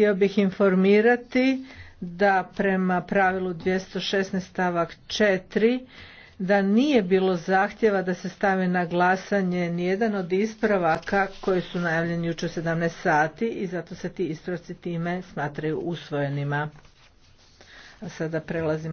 htio bih informirati da prema pravilu 216 stavak 4 da nije bilo zahtjeva da se stavi na glasanje nijedan od ispravaka koji su najavljeni jučer u 17 sati i zato se ti ispravci time smatraju usvojenima. A sada